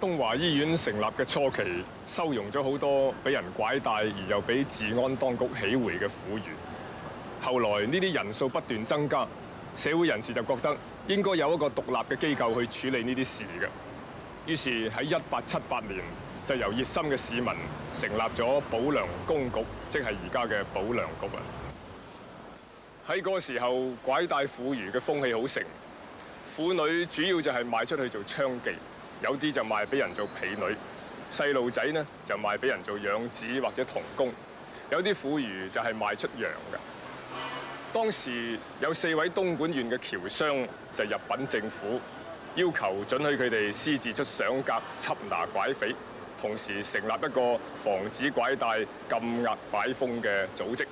東華醫院成立嘅初期，收容咗好多俾人拐帶而又俾治安當局起回嘅婦孺。後來呢啲人數不斷增加，社會人士就覺得應該有一個獨立嘅機構去處理呢啲事嘅。於是喺一八七八年，就由熱心嘅市民成立咗保良公局，即係而家嘅保良局啊。喺嗰個時候，拐帶婦孺嘅風氣好盛，婦女主要就係賣出去做娼妓。有啲就賣俾人做婢女，細路仔呢就賣俾人做養子或者童工，有啲婦孺就係賣出洋嘅。當時有四位東莞縣嘅僑商就入禀政府，要求准許佢哋私自出賞格、緝拿拐匪，同時成立一個防止拐帶、禁壓拐風嘅組織。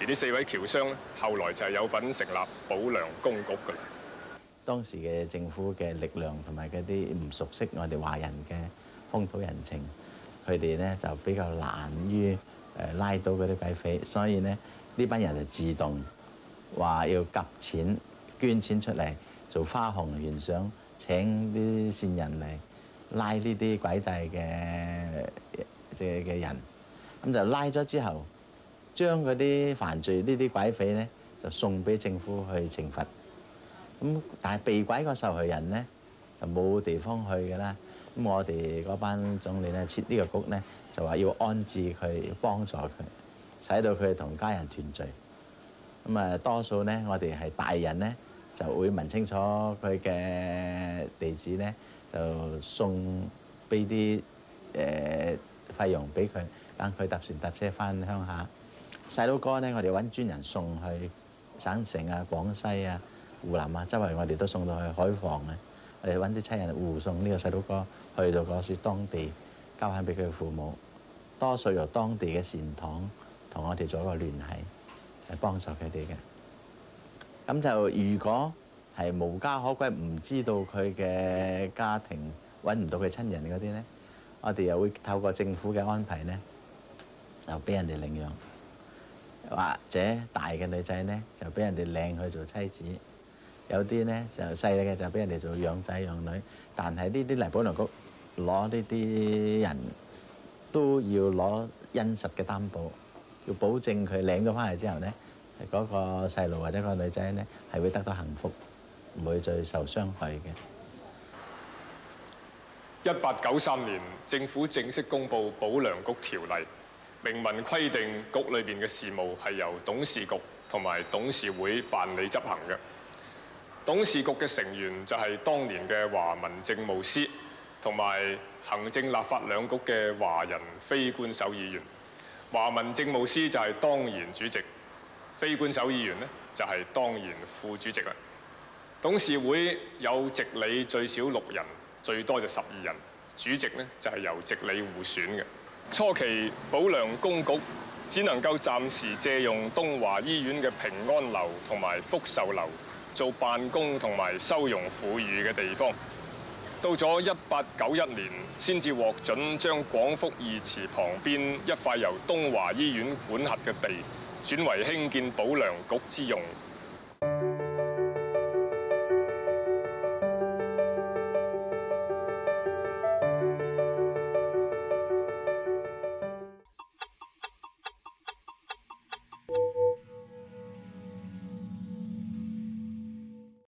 而呢四位僑商後後來就係有份成立保良公局㗎喇。當時嘅政府嘅力量同埋嗰啲唔熟悉我哋華人嘅風土人情，佢哋咧就比較難於誒拉到嗰啲鬼匪，所以咧呢班人就自動話要夾錢捐錢出嚟做花紅懸賞請啲線人嚟拉呢啲鬼帝嘅嘅嘅人，咁就拉咗之後，將嗰啲犯罪這些呢啲鬼匪咧就送俾政府去懲罰。咁但係被拐個受害人咧，就冇地方去㗎啦。咁我哋嗰班總理咧，設呢個局咧，就話要安置佢，幫助佢，使到佢同家人團聚。咁啊，多數咧，我哋係大人咧，就會問清楚佢嘅地址咧，就送俾啲誒費用俾佢，等佢搭船搭車返鄉下。細佬哥咧，我哋搵專人送去省城啊、廣西啊。湖南啊，周圍我哋都送到去海防呀，我哋揾啲親人護送呢個細佬哥去到嗰處，當地交返俾佢父母。多數由當地嘅善堂同我哋做一個聯繫，係幫助佢哋嘅。咁就如果係無家可歸、唔知道佢嘅家庭揾唔到佢親人嗰啲咧，我哋又會透過政府嘅安排咧，就俾人哋領養，或者大嘅女仔咧就俾人哋領去做妻子。有啲咧就細嘅就俾人哋做養仔養女，但係呢啲嚟保良局攞呢啲人都要攞殷實嘅擔保，要保證佢領咗翻嚟之後咧，嗰個細路或者個女仔咧係會得到幸福，唔會再受傷害嘅。一八九三年，政府正式公布《保良局條例》，明文規定局裏邊嘅事務係由董事局同埋董事會辦理執行嘅。董事局嘅成員就係當年嘅華民政務司同埋行政立法兩局嘅華人非官守議員，華民政務司就係當然主席，非官守議員呢就係當然副主席啦。董事會有直理最少六人，最多就十二人。主席呢就係由直理互選嘅。初期保良公局只能夠暫時借用東華醫院嘅平安樓同埋福壽樓。做辦公同埋收容婦孺嘅地方，到咗一八九一年，先至獲准將廣福義祠旁邊一塊由東華醫院管轄嘅地，轉為興建保良局之用。